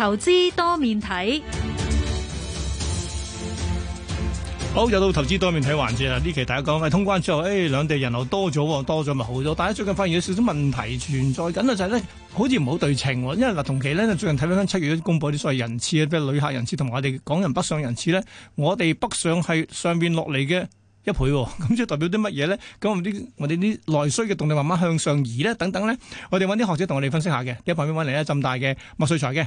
投資多面睇，好，又到投資多面睇環節啦。呢期大家講，通關之後，誒、哎、兩地人流多咗，多咗咪好咗。大家最近發現有少少問題存在緊啊，就係、是、咧好似唔好對稱喎。因為嗱同期咧，最近睇翻翻七月都公布啲所謂人次啊，譬如旅客人次同埋我哋港人北上人次咧，我哋北上係上邊落嚟嘅一倍，咁、嗯、即係代表啲乜嘢咧？咁我啲我哋啲內需嘅動力慢慢向上移咧，等等咧，我哋揾啲學者同我哋分析下嘅。一旁邊揾嚟呢，浸大嘅麥萃才嘅。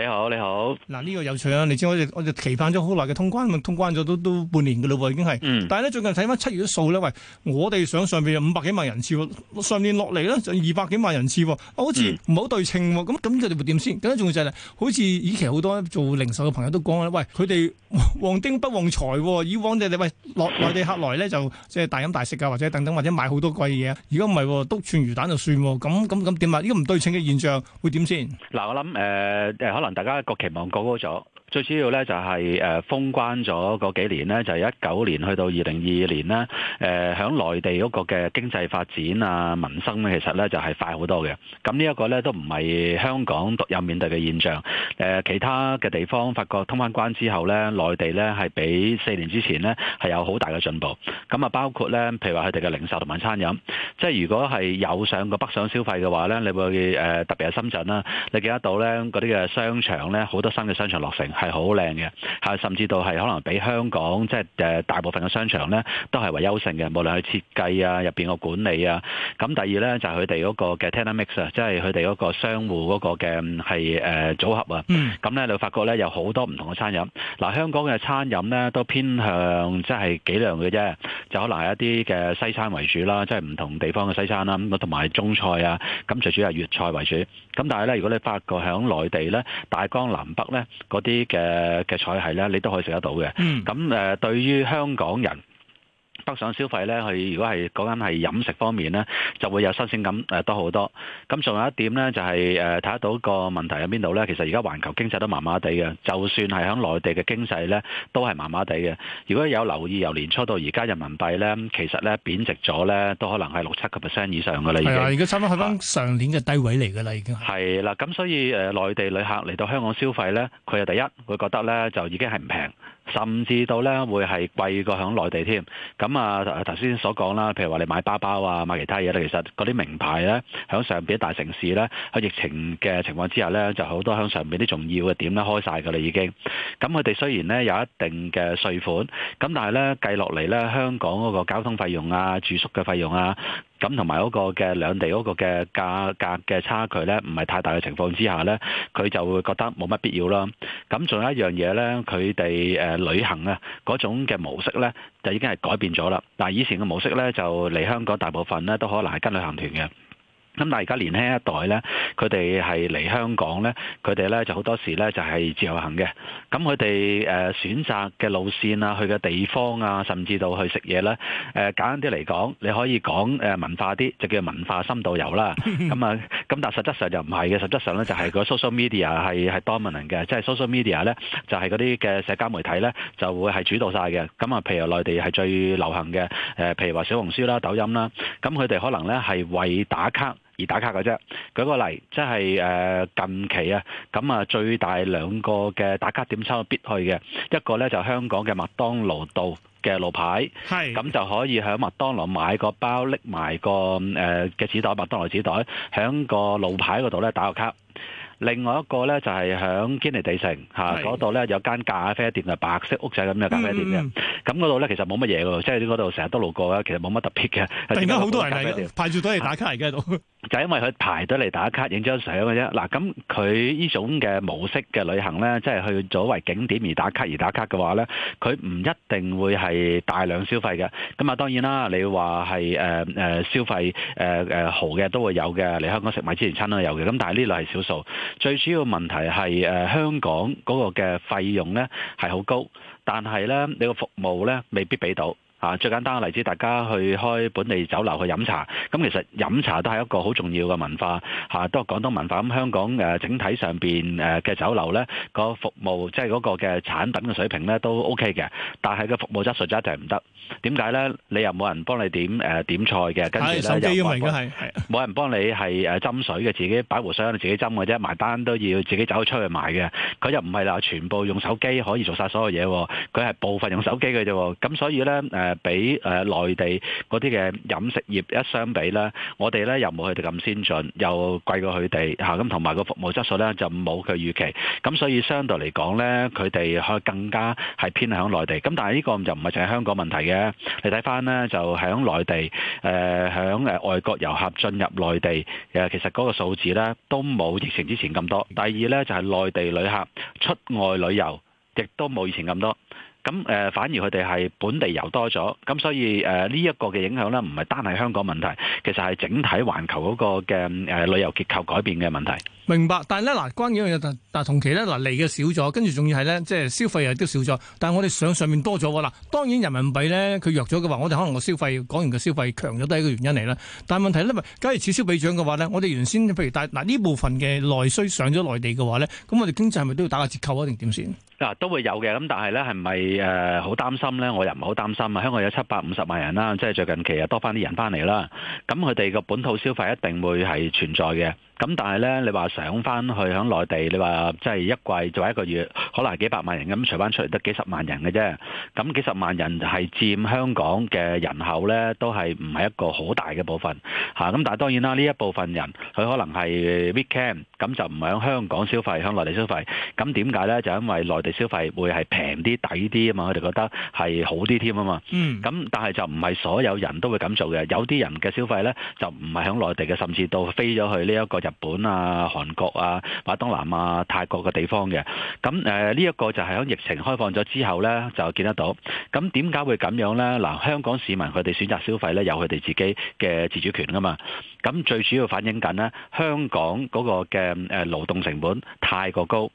你好，你好。嗱、啊、呢、這個有趣啊！你知我哋我哋期盼咗好耐嘅通關，通關咗都都半年嘅嘞喎，已經係、嗯。但係咧最近睇翻七月嘅數咧，喂，我哋想上邊有五百幾萬人次，上面落嚟咧就二百幾萬人次，好似唔好對稱喎、啊。咁咁佢哋會點先？更加重要就係、是、好似以前好多做零售嘅朋友都講啦，喂，佢哋旺丁不旺財、啊。以往嘅你喂內地客來咧就即係大飲大食啊，或者等等，或者買好多貴嘢、啊。如果唔係，篤串魚蛋就算。咁咁咁點啊？呢、啊這個唔對稱嘅現象會點先？嗱、啊，我諗誒、呃呃、可能。大家嘅期望過高咗。最主要咧就係誒封關咗嗰幾年咧，就係一九年去到二零二二年咧，誒喺內地嗰個嘅經濟發展啊民生咧，其實咧就係快好多嘅。咁呢一個咧都唔係香港獨有面對嘅現象。誒其他嘅地方發覺通關關之後咧，內地咧係比四年之前咧係有好大嘅進步。咁啊包括咧，譬如話佢哋嘅零售同埋餐飲，即係如果係有上個北上消費嘅話咧，你會誒特別係深圳啦，你記得到咧嗰啲嘅商場咧好多新嘅商場落成。係好靚嘅，甚至到係可能比香港即係、就是、大部分嘅商場咧，都係為優勝嘅。無論係設計啊，入面個管理啊，咁第二咧就係佢哋嗰個嘅 tenant mix 啊，即係佢哋嗰個商戶嗰個嘅係誒組合啊。咁咧你會發覺咧有好多唔同嘅餐飲。嗱、啊，香港嘅餐飲咧都偏向即係、就是、幾樣嘅啫，就可能係一啲嘅西餐為主啦，即係唔同地方嘅西餐啦咁，同埋中菜啊。咁最主要係粵菜為主。咁但係咧，如果你發覺係喺內地咧，大江南北咧嗰啲。嘅嘅菜系咧，你都可以食得到嘅。咁、嗯、誒、呃，對於香港人，北上消費咧，佢如果係講緊係飲食方面咧，就會有新鮮感誒多好多。咁仲有一點咧、就是，就係誒睇得到個問題喺邊度咧？其實而家環球經濟都麻麻地嘅，就算係喺內地嘅經濟咧，都係麻麻地嘅。如果有留意由年初到而家，人民幣咧其實咧貶值咗咧，都可能係六七個 percent 以上嘅啦。係啦，而家差唔多去翻上年嘅低位嚟嘅啦，已經係啦。咁所以誒，內地旅客嚟到香港消費咧，佢係第一會覺得咧就已經係唔平。甚至到咧會係貴過響內地添，咁啊頭頭先所講啦，譬如話你買包包啊，買其他嘢咧，其實嗰啲名牌咧，響上邊大城市咧，喺疫情嘅情況之下咧，就好多響上邊啲重要嘅點咧開晒㗎啦已經。咁佢哋雖然咧有一定嘅稅款，咁但係咧計落嚟咧，香港嗰個交通費用啊、住宿嘅費用啊。咁同埋嗰個嘅兩地嗰個嘅價格嘅差距咧，唔係太大嘅情況之下咧，佢就會覺得冇乜必要啦。咁仲有一樣嘢咧，佢哋誒旅行啊嗰種嘅模式咧，就已經係改變咗啦。但以前嘅模式咧，就嚟香港大部分咧都可能係跟旅行團嘅。咁但係而家年輕一代咧，佢哋係嚟香港咧，佢哋咧就好多時咧就係自由行嘅。咁佢哋誒選擇嘅路線啊，去嘅地方啊，甚至到去食嘢咧，誒簡單啲嚟講，你可以講文化啲，就叫做文化深度遊啦。咁啊，咁但實質上實質上又唔係嘅，實質上咧就係個 social media 係係 dominant 嘅，即係 social media 咧就係嗰啲嘅社交媒體咧就，就會係主導晒嘅。咁啊，譬如內地係最流行嘅，誒譬如話小紅書啦、抖音啦，咁佢哋可能咧係為打卡。而打卡嘅啫，舉個例，即係誒近期啊，咁啊最大兩個嘅打卡點差唔多必去嘅，一個呢，就是，香港嘅麥當勞道嘅路牌，咁就可以喺麥當勞買個包拎埋個誒嘅、呃、紙袋，麥當勞紙袋喺個路牌嗰度呢打個卡。另外一個咧就係喺堅尼地城嚇嗰度咧有間咖啡店，啊，白色屋仔咁嘅咖啡店嘅，咁嗰度咧其實冇乜嘢嘅，即係嗰度成日都路過啊，其實冇乜特別嘅。但係而家好多人嚟排住隊嚟打卡嚟喺度， 就係因為佢排隊嚟打卡影張相嘅啫。嗱，咁佢呢種嘅模式嘅旅行咧，即係去作為景點而打卡而打卡嘅話咧，佢唔一定會係大量消費嘅。咁啊，當然啦，你話係誒誒消費誒誒豪嘅都會有嘅，嚟香港食米芝蓮餐都有嘅。咁但係呢類係少數。最主要的問題係誒、呃、香港嗰個嘅費用咧係好高，但係咧你個服務咧未必俾到。啊，最簡單個例子，大家去開本地酒樓去飲茶，咁其實飲茶都係一個好重要嘅文化，嚇都係廣東文化。咁香港誒整體上面誒嘅酒樓咧，個服務即係嗰個嘅產品嘅水平咧都 OK 嘅，但係個服務質素就一定唔得。點解咧？你又冇人幫你點誒點菜嘅，跟住咧又冇人幫你係誒斟水嘅，自己擺壺水你自己斟嘅啫，埋單都要自己走出去買嘅。佢又唔係啦，全部用手機可以做晒所有嘢，佢係部分用手機嘅啫。咁所以咧誒誒，比誒內地嗰啲嘅飲食業一相比咧，我哋咧又冇佢哋咁先進，又貴過佢哋嚇，咁同埋個服務質素咧就冇佢預期，咁所以相對嚟講咧，佢哋可以更加係偏向內地。咁但係呢個就唔係淨係香港問題嘅，你睇翻咧就係響內地，誒響誒外國遊客進入內地誒，其實嗰個數字咧都冇疫情之前咁多。第二咧就係內地旅客出外旅遊，亦都冇以前咁多。咁誒、呃，反而佢哋係本地遊多咗，咁所以誒呢一個嘅影響呢，唔係單係香港問題，其實係整體環球嗰個嘅誒、呃、旅遊結構改變嘅問題。明白，但係咧嗱，關嘅一樣嘢，但同期咧嗱嚟嘅少咗，跟住仲要係咧，即係消費又都少咗。但係我哋上上面多咗喎嗱。當然人民幣咧佢弱咗嘅話，我哋可能個消費港元嘅消費強咗，都係一個原因嚟啦。但係問題咧咪，假如此消彼長嘅話呢，我哋原先譬如但嗱呢部分嘅內需上咗內地嘅話呢，咁我哋經濟係咪都要打個折扣啊？定點算？嗱都會有嘅，咁但係咧係咪？是誒、嗯、好擔心咧，我又唔係好擔心啊！香港有七百五十萬人啦，即係最近期啊多返啲人返嚟啦，咁佢哋個本土消費一定會係存在嘅。咁但係咧，你話上翻去響內地，你話即係一季，就話一個月，可能幾百萬人咁，除翻出嚟得幾十萬人嘅啫。咁幾十萬人係佔香港嘅人口咧，都係唔係一個好大嘅部分嚇。咁但係當然啦，呢一部分人佢可能係 weekend，咁就唔係響香港消費，響內地消費。咁點解咧？就因為內地消費會係平啲、抵啲啊嘛，佢哋覺得係好啲添啊嘛。嗯。咁但係就唔係所有人都會咁做嘅，有啲人嘅消費咧就唔係響內地嘅，甚至到飛咗去呢一個。日本啊、韓國啊、馬東南啊、泰國嘅地方嘅，咁誒呢一個就係喺疫情開放咗之後呢，就見得到。咁點解會咁樣呢？嗱、呃，香港市民佢哋選擇消費呢，有佢哋自己嘅自主權㗎嘛。咁最主要反映緊呢，香港嗰個嘅誒、呃、勞動成本太過高。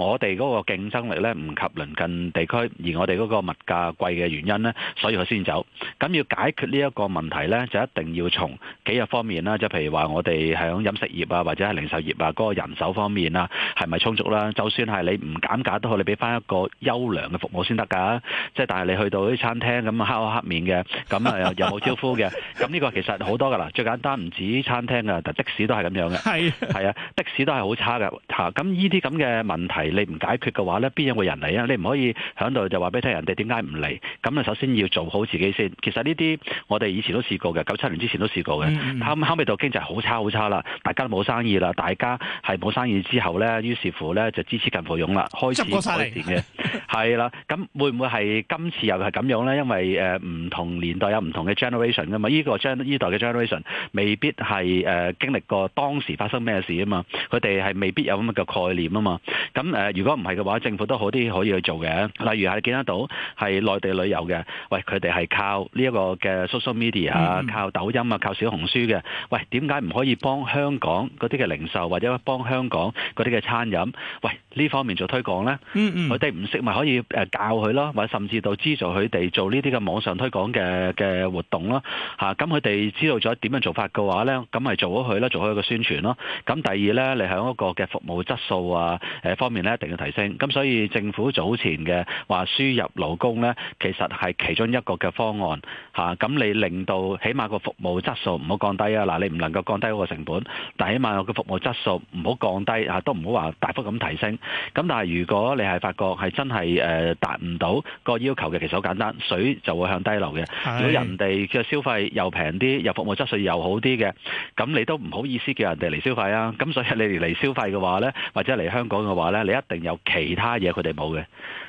我哋嗰個競爭力咧唔及鄰近地區，而我哋嗰個物價貴嘅原因咧，所以佢先走。咁要解決呢一個問題咧，就一定要從幾個方面啦，即係譬如話我哋喺飲食業啊，或者係零售業啊，嗰、嗰個人手方面啊，係咪充足啦？就算係你唔減價，都好，你俾翻一個優良嘅服務先得㗎。即係但係你去到啲餐廳咁啊，黑口黑，黑面嘅，咁啊又冇招呼嘅，咁呢個其實好多㗎啦。最簡單唔止餐廳㗎，但的士都係咁樣嘅。係係啊，的士都係好 差嘅嚇。咁呢啲咁嘅問題。你唔解決嘅話咧，邊有個人嚟啊？你唔可以響度就話俾人聽，人哋點解唔嚟？咁啊，首先要做好自己先。其實呢啲我哋以前都試過嘅，九七年之前都試過嘅。後、嗯、尾、嗯、到就經濟好差好差啦，大家都冇生意啦，大家係冇生意之後咧，於是乎咧就知恥近乎勇啦，開始改變嘅。係啦，咁 會唔會係今次又係咁樣咧？因為唔同年代有唔同嘅 generation 噶嘛，呢、呢個 gen 呢代嘅 generation 未必係誒經歷過當時發生咩事啊嘛，佢哋係未必有咁嘅概念啊嘛，咁。誒，如果唔係嘅話，政府都好啲可以去做嘅。例如係見得到係內地旅遊嘅，喂，佢哋係靠呢一個嘅 social media 啊，靠抖音啊，靠小紅書嘅。喂，點解唔可以幫香港嗰啲嘅零售或者幫香港嗰啲嘅餐飲？喂，呢方面做推廣咧？嗯嗯。佢哋唔識，咪可以誒教佢咯，或者甚至到資助佢哋做呢啲嘅網上推廣嘅嘅活動咯。嚇，咁佢哋知道咗點樣做法嘅話咧，咁咪做咗佢咯，做好一個宣傳咯。咁第二咧，你喺嗰個嘅服務質素啊誒方面咧。一定要提升，咁所以政府早前嘅話輸入勞工咧，其實係其中一個嘅方案吓，咁你令到起碼個服務質素唔好降低啊！嗱，你唔能夠降低嗰個成本，但起碼個服務質素唔好降低啊，都唔好話大幅咁提升。咁但係如果你係發覺係真係誒達唔到個要求嘅，其實好簡單，水就會向低流嘅。如果人哋嘅消費又平啲，又服務質素又好啲嘅，咁你都唔好意思叫人哋嚟消費啊！咁所以你嚟消費嘅話咧，或者嚟香港嘅話咧。一定有其他嘢佢哋冇嘅。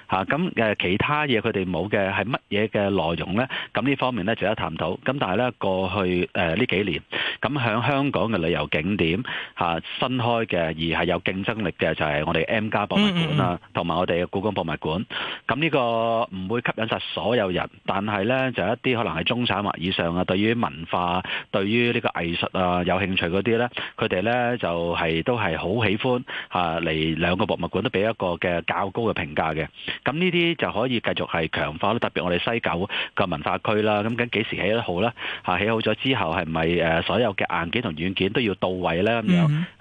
嚇咁誒其他嘢佢哋冇嘅係乜嘢嘅內容咧？咁呢方面咧值得探討。咁但係咧過去誒呢幾年，咁喺香港嘅旅遊景點嚇，新開嘅而係有競爭力嘅就係我哋 M 家博物館啦，同埋我哋嘅故宮博物館。咁呢個唔會吸引曬所有人，但係咧就一啲可能係中產或以上啊，對於文化、對於呢個藝術啊有興趣嗰啲咧，佢哋咧就係都係好喜歡嚇嚟兩個博物館。管得俾一個嘅較高嘅評價嘅，咁呢啲就可以繼續係強化咯。特別我哋西九個文化區啦，咁緊幾時起得好啦？起好咗之後係咪所有嘅硬件同軟件都要到位咧？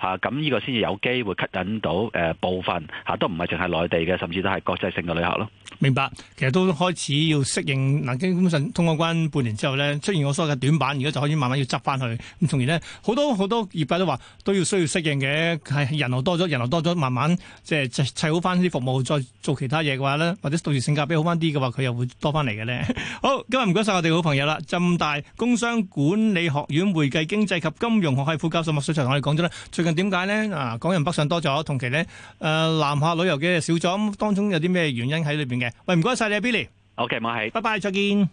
嚇咁呢個先至有機會吸引到部分都唔係淨係內地嘅，甚至都係國際性嘅旅客咯。明白，其實都開始要適應。基本上通過關半年之後咧，出現我所謂嘅短板，而家就可以慢慢要執翻去。咁，從而咧好多好多業界都話都要需要適應嘅，係人流多咗，人流多咗，慢慢即砌砌好翻啲服務，再做其他嘢嘅話咧，或者到時性價比好翻啲嘅話，佢又會多翻嚟嘅咧。好，今日唔該晒我哋嘅好朋友啦。浸大工商管理學院會計經濟及金融學系副教授麥萃才同我哋講咗咧，最近點解咧啊，港人北上多咗，同期咧誒南下旅遊嘅少咗，當中有啲咩原因喺裏邊嘅？喂，唔該晒你啊 Billy。OK，唔該，係，拜拜，再見。